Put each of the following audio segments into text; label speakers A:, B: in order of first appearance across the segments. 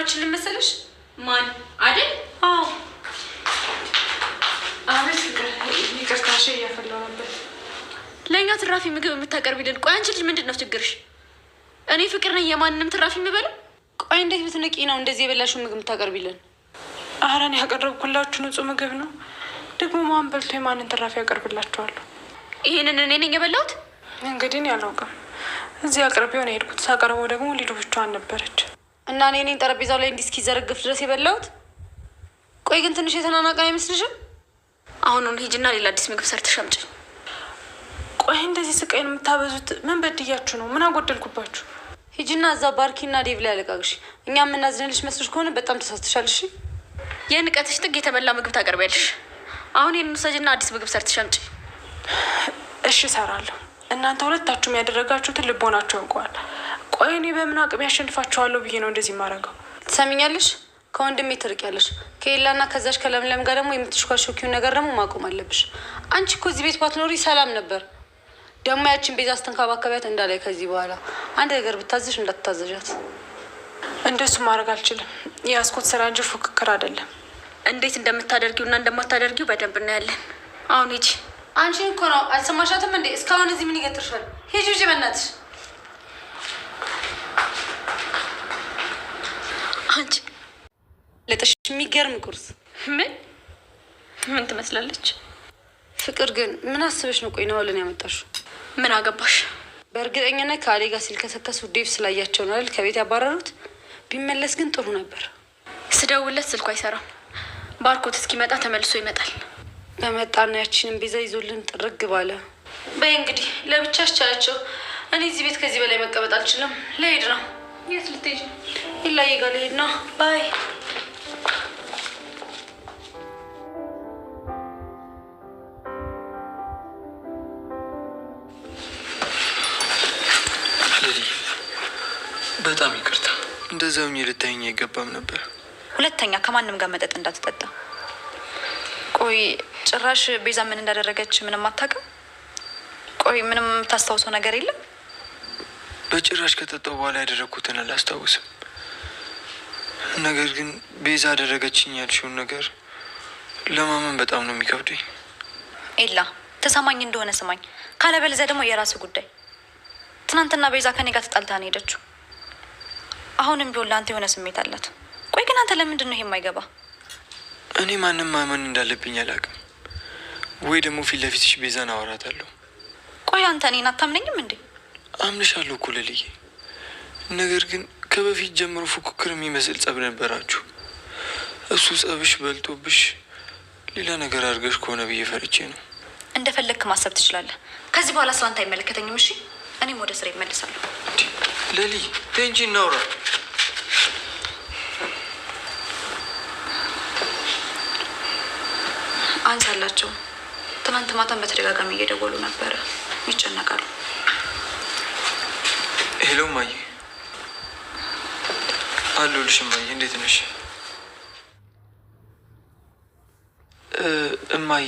A: መቅረብ መሰለሽ? ማን አይደል? አዎ።
B: አቤት ይቅርታ ነበር።
A: ለእኛ ትራፊ ምግብ የምታቀርቢልን፣ ቆይ አንቺ ልጅ ምንድን ነው ችግርሽ? እኔ ፍቅር ነኝ የማንንም ትራፊ የምበለው? ቆይ እንዴት ብትንቂ ነው እንደዚህ የበላሽው ምግብ የምታቀርቢልን?
B: አረ እኔ ያቀረብኩላችሁ ንጹህ ምግብ ነው። ደግሞ ማን በልቶ የማንን ትራፊ ያቀርብላችኋለሁ?
A: ይህንን እኔ ነኝ የበላሁት?
B: እንግዲህ እኔ አላውቅም። እዚህ አቅርቤው የሄድኩት። ሳቀርበው ደግሞ ሊዱ ብቻዋን ነበረች።
A: እና እኔ እኔን ጠረጴዛው ላይ እንዲህ እስኪዘረግፍ ድረስ የበላሁት። ቆይ ግን ትንሽ የተናናቀ አይመስልሽም? አሁኑን ሂጅና ሌላ አዲስ ምግብ ሰርተሽ አምጪ።
B: ቆይ እንደዚህ ስቃይን የምታበዙት ምን በድያችሁ ነው? ምን አጎደልኩባችሁ?
A: ሂጅና እዛ ባርኪና ዴቭ ላይ አለቃቅሽ። እኛ የምናዝንልሽ መስሎች ከሆነ በጣም ተሳስተሻል። እሺ የንቀትሽ ጥግ የተበላ ምግብ ታቀርቢያለሽ። አሁን ይህን ውሰጅና አዲስ ምግብ ሰርተሽ አምጪ።
B: እሺ እሰራለሁ። እናንተ ሁለታችሁም ያደረጋችሁትን ልቦናቸው ያውቀዋል። ቆይ እኔ በምን አቅም ያሸንፋቸዋለሁ ብዬ ነው እንደዚህ ማረገው።
A: ትሰሚኛለሽ? ከወንድሜ ትርቂያለሽ። ከሌላና ከዛች ከለምለም ጋር ደግሞ የምትሽኳሾኪውን ነገር ደግሞ ማቆም አለብሽ። አንቺ እኮ እዚህ ቤት ባትኖሪ ሰላም ነበር። ደግሞ ያችን ቤዛ ስትንከባከቢያት እንዳላይ ከዚህ በኋላ አንድ ነገር ብታዘሽ እንዳትታዘዣት።
B: እንደሱ ማድረግ አልችልም። የያዝኩት ስራ እንጂ ፉክክር አይደለም።
A: እንዴት እንደምታደርጊው እና እንደማታደርጊው በደንብ እናያለን። አሁን ሂጂ። አንቺን እኮ ነው አልሰማሻትም እንዴ? እስካሁን እዚህ ምን ይገጥርሻል? ሂጂ ሂጂ፣ በእናትሽ ለጠሽ የሚገርም ቁርስ ምን ምን ትመስላለች? ፍቅር ግን ምን አስበሽ ነው? ቆይ ናውልን ያመጣሽው ምን አገባሽ? በእርግጠኝነት ከአሌ ጋር ሲልከሰከሱ ዴቭ ስላያቸው ነው አይደል ከቤት ያባረሩት። ቢመለስ ግን ጥሩ ነበር። ስደውለት ስልኩ አይሰራም። ባርኮት እስኪመጣ ተመልሶ ይመጣል። በመጣና ያችንን ቤዛ ይዞልን ጥርግ ባለ። በይ እንግዲህ ለብቻ አስቻላቸው። እኔ እዚህ ቤት ከዚህ በላይ መቀመጥ አልችልም። ለሄድ ነው። የት ልትሄጂ? ይላየ ጋር ልሄድ ነው። ባይ
C: በጣም ይቅርታ።
D: እንደዚያው ልታይኝ አይገባም ነበር።
A: ሁለተኛ ከማንም ጋር መጠጥ እንዳትጠጣ። ቆይ ጭራሽ ቤዛ ምን እንዳደረገች ምንም አታውቅም? ቆይ ምንም የምታስታውሰው ነገር የለም?
D: በጭራሽ ከጠጣው በኋላ ያደረግኩትን አላስታውስም። ነገር ግን ቤዛ አደረገችኝ ያልሽውን ነገር ለማመን በጣም ነው የሚከብደኝ።
A: ኤላ ተሰማኝ እንደሆነ ስማኝ፣ ካለበለዚያ ደግሞ የራስ ጉዳይ። ትናንትና ቤዛ ከኔ ጋር ተጣልታ ነው ሄደችው። አሁንም ቢሆን ለአንተ የሆነ ስሜት አላት። ቆይ ግን አንተ ለምንድን ነው ይሄ የማይገባ?
D: እኔ ማንም ማመን እንዳለብኝ አላውቅም። ወይ ደግሞ ፊት ለፊትሽ ቤዛን አወራታለሁ።
A: ቆይ አንተ እኔን አታምነኝም እንዴ?
D: አምንሻለሁ እኮ ልልዬ። ነገር ግን ከበፊት ጀምሮ ፉክክር የሚመስል ጸብ ነበራችሁ። እሱ ጸብሽ በልጦብሽ ሌላ ነገር አድርገሽ ከሆነ ብዬ ፈርቼ ነው።
A: እንደፈለግክ ማሰብ ትችላለህ። ከዚህ በኋላ አንተ አይመለከተኝም። እሺ፣ እኔም ወደ ስራ ይመልሳለሁ።
D: ሌሊ እንጂ እናውራ።
A: አንስ አላቸው። ትናንት ማታን በተደጋጋሚ እየደወሉ ነበረ፣ ይጨነቃሉ።
D: ሄሎ ማየ አለሁልሽ እማዬ። እንዴት ነሽ እማዬ?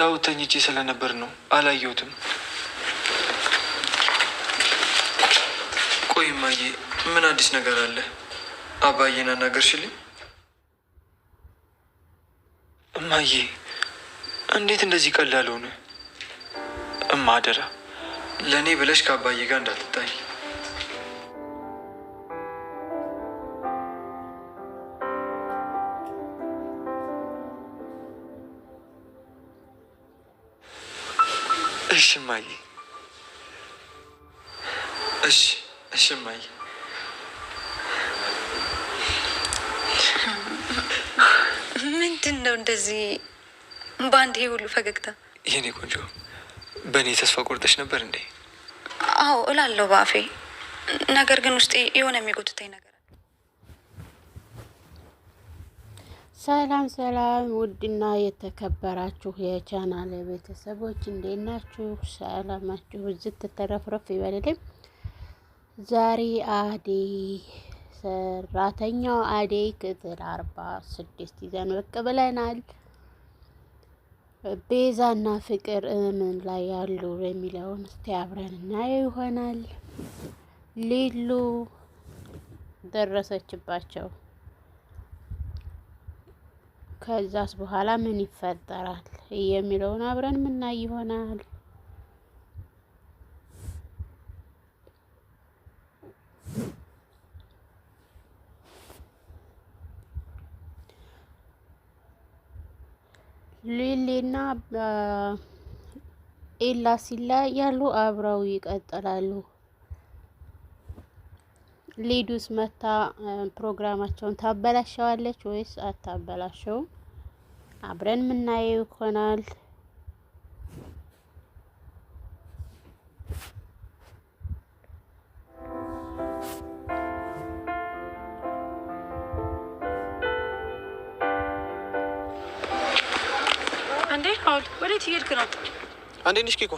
D: ያው ተኝቼ ስለነበር ነው አላየሁትም። እማዬ ምን አዲስ ነገር አለ? አባዬን አናገርሽልኝ? እማዬ እንዴት እንደዚህ ቀላል ሆነ? እማ አደራ ለእኔ ብለሽ ከአባዬ ጋር እንዳትጣይ። እሺ እማዬ፣ እሺ እሺ እማዬ
A: ምንድን ነው እንደዚህ በአንድ ይሄ ሁሉ ፈገግታ?
D: የኔ ቆንጆ በእኔ ተስፋ ቆርጠሽ ነበር እንዴ?
A: አዎ እላለሁ በአፌ ነገር ግን ውስጤ የሆነ የሚጎትተኝ ነገር አለ።
E: ሰላም ሰላም፣ ውድና የተከበራችሁ የቻናል ቤተሰቦች እንዴት ናችሁ? ሰላማችሁ ዝት ተረፍረፍ ይበልልም። ዛሬ አደይ ሰራተኛው አደይ ክፍል አርባ ስድስት ይዘን ብቅ ብለናል። ቤዛና ፍቅር ምን ላይ ያሉ የሚለውን እስቲ አብረን እናየው ይሆናል። ሊሉ ደረሰችባቸው። ከዛስ በኋላ ምን ይፈጠራል የሚለውን አብረን ምናይ ይሆናል። ሊሌና ኤላ ሲላ ያሉ አብረው ይቀጥላሉ። ሊዱስ መታ ፕሮግራማቸውን ታበላሸዋለች ወይስ አታበላሸውም? አብረን የምናየው ይሆናል።
A: እንዴ አሁን ወዴት እየሄድክ ነው?
F: አንዴ ነሽ ኬኳ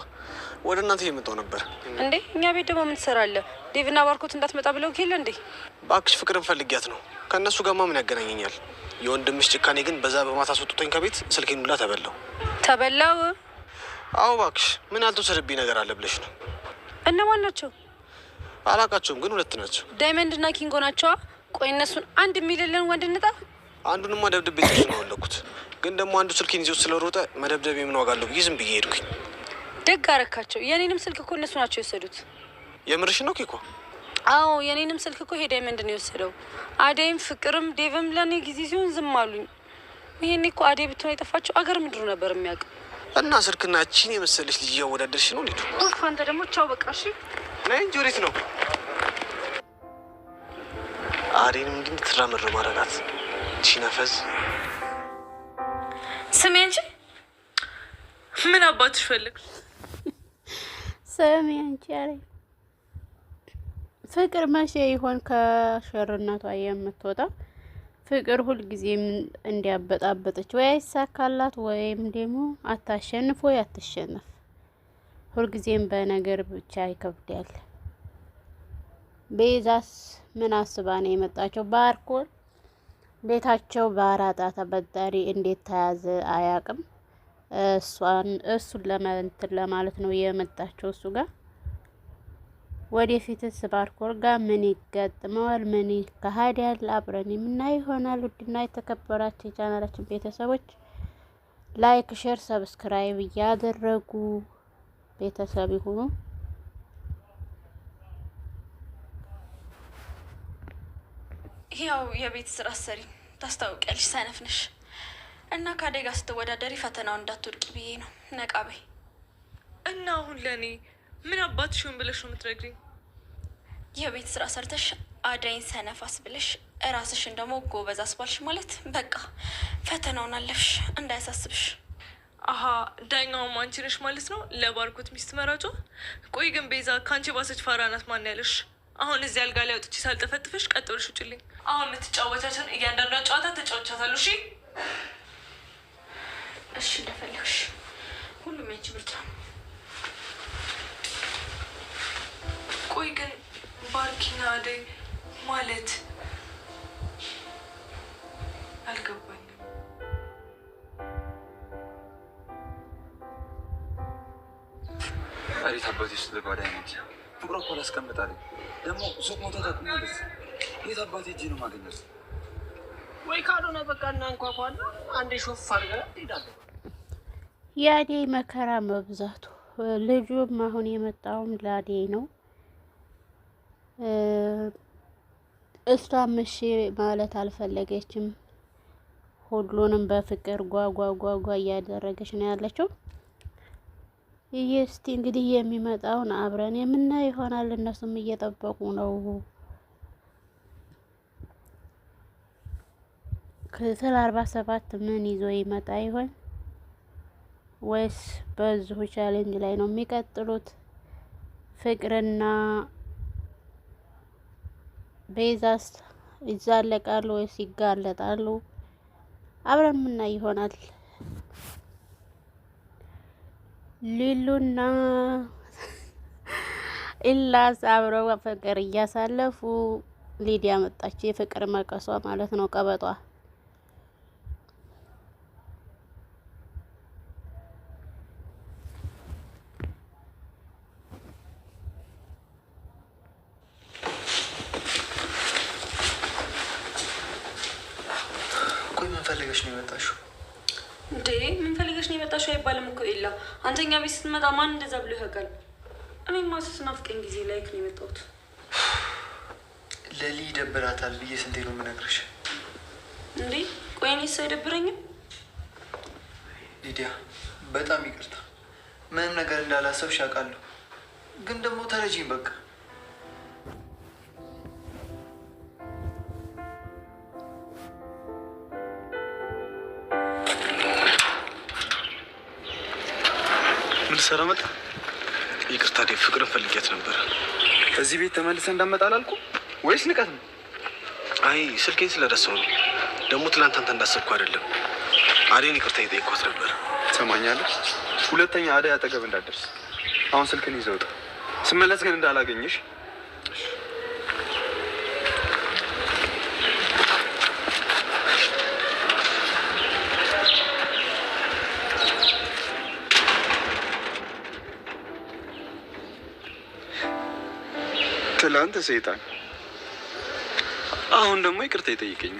F: ወደ እናንተ የመጣው ነበር
A: እንዴ። እኛ ቤት ደግሞ ምን ትሰራለህ? ዴቭና ባርኮት እንዳትመጣ ብለው ኬለ እንዴ።
F: እባክሽ ፍቅርን ፈልጊያት ነው። ከእነሱ ጋር ምን ያገናኘኛል? የወንድምሽ ጭካኔ ግን በዛ በማታ አስወጥቶኝ ከቤት ስልኬን ሁላ ተበላው። ተበላው? አዎ እባክሽ። ምን ያልተወሰደብኝ ነገር አለ ብለሽ ነው? እነማን ናቸው? አላቃቸውም፣ ግን ሁለት ናቸው።
A: ዳይመንድና ኪንጎ ናቸዋ። ቆይ እነሱን አንድ የሚልልን ወንድ እንጣ
F: አንዱንማ ደብድቤ ጥርስ ነው ያለኩት። ግን ደግሞ አንዱ ስልኬን ይዞ ስለሮጠ መደብደብ የምን ዋጋ አለው ብዬ ዝም ብዬ ሄድኩኝ።
A: ደግ አረካቸው። የኔንም ስልክ እኮ እነሱ ናቸው የወሰዱት።
F: የምርሽ ነው ኬኳ?
A: አዎ የኔንም ስልክ እኮ ሄደ ምንድን ነው የወሰደው? አደይም ፍቅርም ዴቭም ለእኔ ጊዜ ሲሆን ዝም አሉኝ። ይሄኔ እኮ አደይ ብትሆን የጠፋቸው አገር ምድሩ ነበር የሚያውቅ
F: እና ስልክና ቺን የመሰለች ልጅ እያወዳደርሽ ነው ሊዱ።
A: አንተ ደግሞ ቻው በቃ እሺ።
F: ናይ እንጂ ነው? አደይንም እንዲህ እንድትራመድ ማድረጋት ሲነፈዝ
A: ስሜ እንጂ ምን አባትሽ ፈልግ
E: ስሜ አንቺ አለኝ። ፍቅር መቼ ይሆን ከሸርነቷ የምትወጣ? ፍቅር ሁልጊዜም እንዲያበጣበጠች ወይ አይሳካላት ወይም ደግሞ አታሸንፍ ወይ አትሸንፍ። ሁልጊዜም በነገር ብቻ ይከብዳል። ቤዛስ ምን አስባ ነው የመጣቸው? በአልኮል ቤታቸው በአራጣ ተበዳሪ እንዴት ተያዘ አያቅም። እሷን እሱን ለመንትን ለማለት ነው የመጣቸው እሱ ጋር ወደፊትስ ባርኮር ጋር ምን ይገጥመዋል? ምን ያለ አብረን የምናይ ይሆናል። ውድና የተከበራችሁ የቻናላችን ቤተሰቦች ላይክ፣ ሼር፣ ሰብስክራይብ እያደረጉ ቤተሰብ ይሁኑ።
A: ያው የቤት ስራ ሰሪ ታስታውቂያለሽ፣ ሰነፍ ነሽ እና ከአደይ ጋር ስትወዳደሪ ፈተናውን እንዳትወድቂ ብዬ ነው። ነቃ በይ እና አሁን ለእኔ ምን አባትሽውን ብለሽ ነው የምትነግሪኝ? የቤት ስራ ሰርተሽ አደይን ሰነፋስ ብለሽ እራስሽን ደግሞ ጎበዝ አስባልሽ ማለት በቃ ፈተናውን አለፍሽ፣ እንዳያሳስብሽ። አሀ ዳኛውም አንቺ ነሽ ማለት ነው ለባርኮት ሚስት መራጮ። ቆይ ግን ቤዛ ከአንቺ ባሰች ፋራናት ማን ያለሽ? አሁን እዚህ አልጋ ላይ ወጥቼ ሳልጠፈጥፈሽ ቀጥ ብለሽ ውጭልኝ። አሁን የምትጫወቻቸውን እያንዳንዷን ጨዋታ ተጫወቻታሉ። እሺ፣ እሺ፣ እንደፈለግሽ። ሁሉም ያንቺ ምርጫ። ቆይ ግን ባርኪና አደይ ማለት አልገባኝም።
D: አሪት አባቴ፣ ስለ ጓዳ ፍቅሯ እኮ አላስቀምጣለች ደግሞ ሱቅ የት አባት እጅ ነው ማገኘት?
A: ወይ ካልሆነ በቃ እናንኳኳና ሾፍ አድርገን እንሄዳለን።
E: መከራ መብዛቱ ልጁም አሁን የመጣውም ለአደይ ነው። እሷም ምሽ ማለት አልፈለገችም። ሁሉንም በፍቅር ጓጓጓጓ እያደረገች ነው ያለችው። እስቲ እንግዲህ የሚመጣውን አብረን የምናየው ይሆናል። እነሱም እየጠበቁ ነው። ክፍል አርባ ሰባት ምን ይዞ ይመጣ ይሆን? ወይስ በዚሁ ቻሌንጅ ላይ ነው የሚቀጥሉት? ፍቅርና ቤዛስ ይዛለቃሉ ወይስ ይጋለጣሉ? አብረን ምናይ ይሆናል። ሊሉና ኢላስ አብረው ፍቅር እያሳለፉ ሊዲያ መጣች። የፍቅር መቀሷ ማለት ነው ቀበጧ
A: እንደዛ ብሎ ያውቃል። እኔማ ስትናፍቀኝ ጊዜ ላይክ ነው የመጣሁት።
D: ለሊ ይደብራታል ብዬ ስንቴ ነው የምነግርሽ።
A: እንዴ ቆይ እኔስ አይደብረኝም።
D: ሊዲያ በጣም ይቅርታ፣ ምንም ነገር እንዳላሰብሽ አውቃለሁ፣ ግን ደግሞ ተረጂኝ በቃ ምን ልትሰራ መጣ? ይቅርታ ዴቭ፣ ፍቅርን ፈልጌያት ነበር
F: እዚህ ቤት ተመልሰ እንዳመጣ አላልኩም ወይስ ንቀት ነው?
D: አይ ስልኬን ስለረሳሁ ነው። ደግሞ ትላንት አንተ እንዳሰብኩ አይደለም። አዴን ይቅርታ የጠየኳት ነበር።
F: ትሰማኛለህ? ሁለተኛ አደይ አጠገብ እንዳደርስ አሁን ስልክን ይዘውጣ። ስመለስ ግን እንዳላገኘሽ
D: ትላንት ሰይጣን፣ አሁን ደግሞ ይቅርታ ይጠይቀኝ።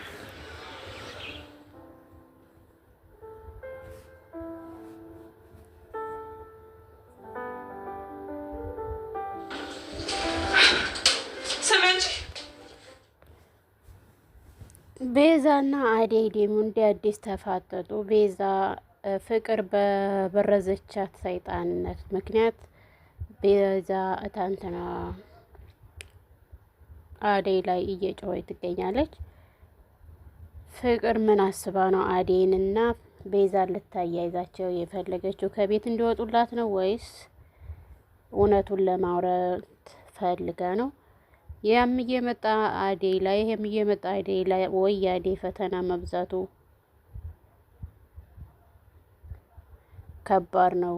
E: ቤዛና አደይ ደግሞ እንደ አዲስ ተፋጠጡ። ቤዛ ፍቅር በበረዘቻት ሰይጣንነት ምክንያት ቤዛ እታንትና አደይ ላይ እየጮኸች ትገኛለች። ፍቅር ምን አስባ ነው አደይንና ቤዛን ልታያይዛቸው የፈለገችው? ከቤት እንዲወጡላት ነው ወይስ እውነቱን ለማውረት ፈልገ ነው? ያም እየመጣ አደይ ላይ ይህም እየመጣ አደይ ላይ ወይ የአደይ ፈተና መብዛቱ ከባድ ነው።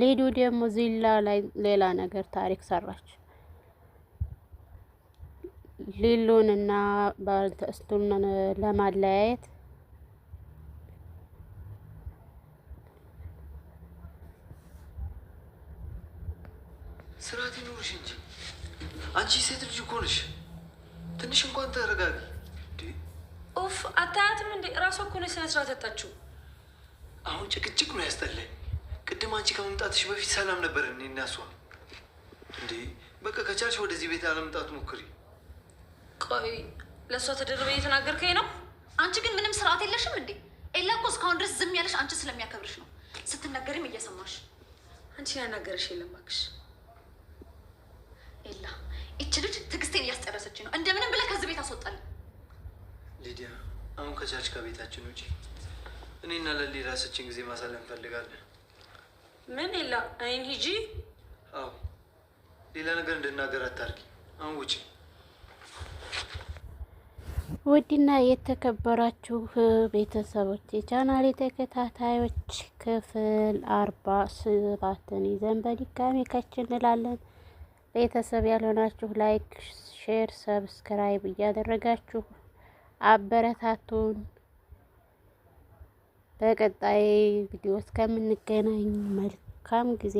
E: ሌዱ ደግሞ ዚላ ላይ ሌላ ነገር ታሪክ ሰራች። እና ባልተስቱን ለማለያየት
D: ስርዓት ይኑርሽ እንጂ አንቺ ሴት ልጅ እኮ ነሽ። ትንሽ እንኳን ተረጋጊ።
A: ኡፍ አታያትም እንዴ? እራሷ እኮ ነች ስነ ስርዓት ያታችሁ።
D: አሁን ጭቅጭቅ ነው ያስጠላኝ። ቅድም አንቺ ከመምጣትሽ በፊት ሰላም ነበር እኔ እናሷ እንዴ በቃ ከቻልሽ ወደዚህ ቤት አለመምጣት ሞክሪ።
A: ቆይ ለእሷ ተደርበ እየተናገርከኝ ነው። አንቺ ግን ምንም ስርዓት የለሽም እንዴ? ኤላ እኮ እስካሁን ድረስ ዝም ያለሽ አንቺ ስለሚያከብርሽ ነው። ስትናገሪም እየሰማሽ አንቺን ያናገረሽ የለም እባክሽ። ኤላ ይቺ ልጅ ትዕግስቴን እያስጨረሰች ነው። እንደምንም ብለህ ከዚህ ቤት አስወጣልኝ።
D: ሊዲያ አሁን ከቻች ከቤታችን ውጪ እኔና ለሊ ራሳችን ጊዜ ማሳለፍ እንፈልጋለን።
A: ምን ኤላ አይን ሂጂ።
D: አዎ ሌላ ነገር እንድናገር አታርጊ። አሁን ውጪ
E: ውድና የተከበራችሁ ቤተሰቦች የቻናል ተከታታዮች ክፍል አርባ ሰባትን ይዘን በድጋሚ ከች እንላለን። ቤተሰብ ያልሆናችሁ ላይክ፣ ሼር፣ ሰብስክራይብ እያደረጋችሁ አበረታቱን። በቀጣይ ቪዲዮ እስከምንገናኝ መልካም ጊዜ